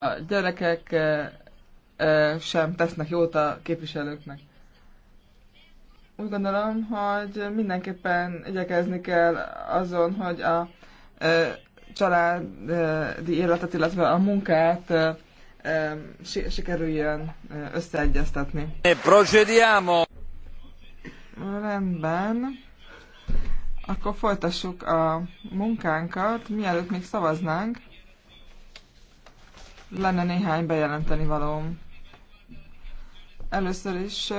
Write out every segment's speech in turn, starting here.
a gyerekek sem tesznek jót a képviselőknek. Úgy gondolom, hogy mindenképpen igyekezni kell azon, hogy a családi életet, illetve a munkát sikerüljön összeegyeztetni. Procediamo! Rendben. Akkor folytassuk a munkánkat, mielőtt még szavaznánk lenne néhány bejelenteni valóm. Először is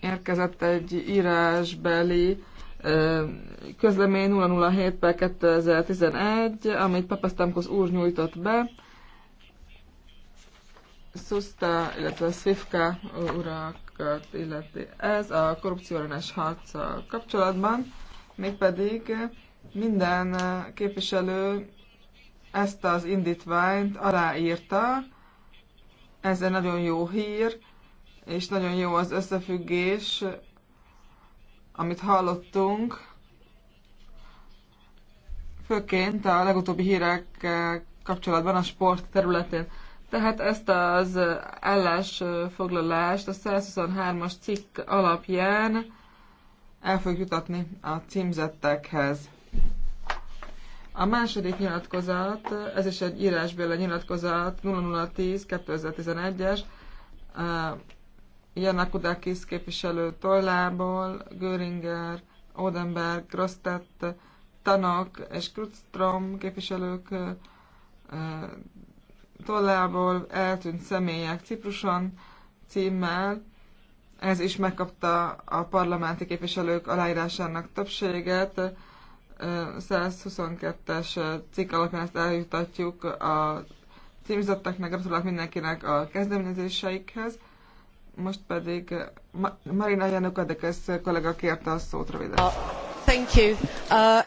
érkezett egy írásbeli közlemény 007 per 2011, amit Papasztamkosz úr nyújtott be. Szuszta, illetve Szivka urakat illeti. Ez a korrupcióellenes harc kapcsolatban, mégpedig minden képviselő ezt az indítványt aláírta. Ez egy nagyon jó hír, és nagyon jó az összefüggés, amit hallottunk. Főként a legutóbbi hírek kapcsolatban a sport területén. Tehát ezt az állásfoglalást a 123-as cikk alapján el fogjuk jutatni a címzettekhez. A második nyilatkozat, ez is egy írásbéle nyilatkozat, 0010-2011-es, eh, Janakudakis képviselő tollából, Göringer, Odenberg, Grosztett, Tanok és Krutstrom képviselők eh, eh, tollából eltűnt személyek Cipruson címmel. Ez is megkapta a parlamenti képviselők aláírásának többséget. 122-es cikk alapján ezt eljutatjuk a címzetteknek, gratulálok mindenkinek a kezdeményezéseikhez. Most pedig Ma- Marina Janukadekes kollega kérte a szót röviden. Uh, thank you. Uh,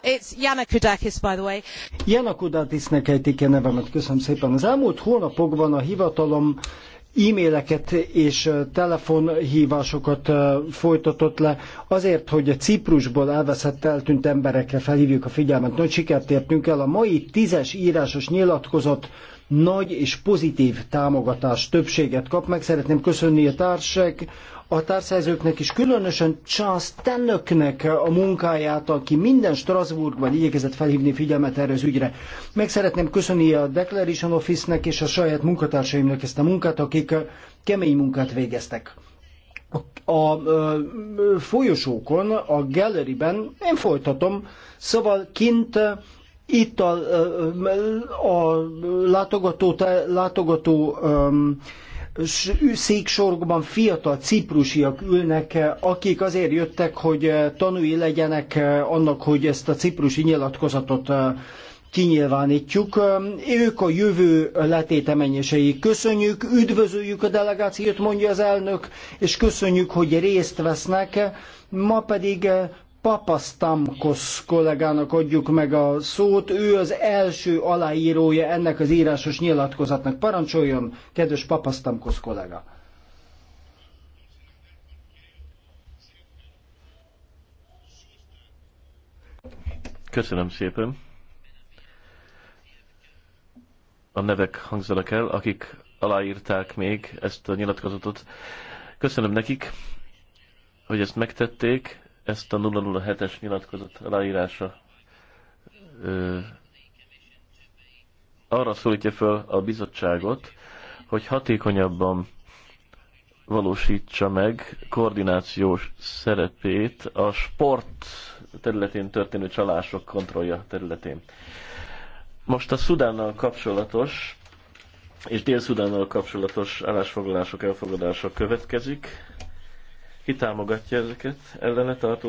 it's Janakudakis, by the way. Janakudakisnek ejtik a nevemet, köszönöm szépen. Az elmúlt hónapokban a hivatalom e-maileket és telefonhívásokat folytatott le azért, hogy a Ciprusból elveszett eltűnt emberekre felhívjuk a figyelmet. Nagy sikert értünk el. A mai tízes írásos nyilatkozat nagy és pozitív támogatás többséget kap. Meg szeretném köszönni a társak, a társzerzőknek is, különösen Charles Tennöknek a munkáját, aki minden Strasbourgban igyekezett felhívni figyelmet erre az ügyre. Meg szeretném köszönni a Declaration Office-nek és a saját munkatársaimnak ezt a munkát, akik kemény munkát végeztek. A, a, a folyosókon, a galleryben, én folytatom, szóval kint itt a, a látogató, látogató széksorokban fiatal ciprusiak ülnek, akik azért jöttek, hogy tanúi legyenek annak, hogy ezt a ciprusi nyilatkozatot kinyilvánítjuk. Ők a jövő letétemennyesei. Köszönjük, üdvözöljük a delegációt, mondja az elnök, és köszönjük, hogy részt vesznek. Ma pedig Papasztamkos kollégának adjuk meg a szót. Ő az első aláírója ennek az írásos nyilatkozatnak. Parancsoljon, kedves Papasztamkos kollega! Köszönöm szépen. A nevek hangzanak el, akik aláírták még ezt a nyilatkozatot. Köszönöm nekik, hogy ezt megtették ezt a 007-es nyilatkozat aláírása ö, arra szólítja föl a bizottságot, hogy hatékonyabban valósítsa meg koordinációs szerepét a sport területén történő csalások kontrollja területén. Most a Szudánnal kapcsolatos és Dél-Szudánnal kapcsolatos állásfoglalások elfogadása következik. Ki támogatja ezeket? Ellene tartó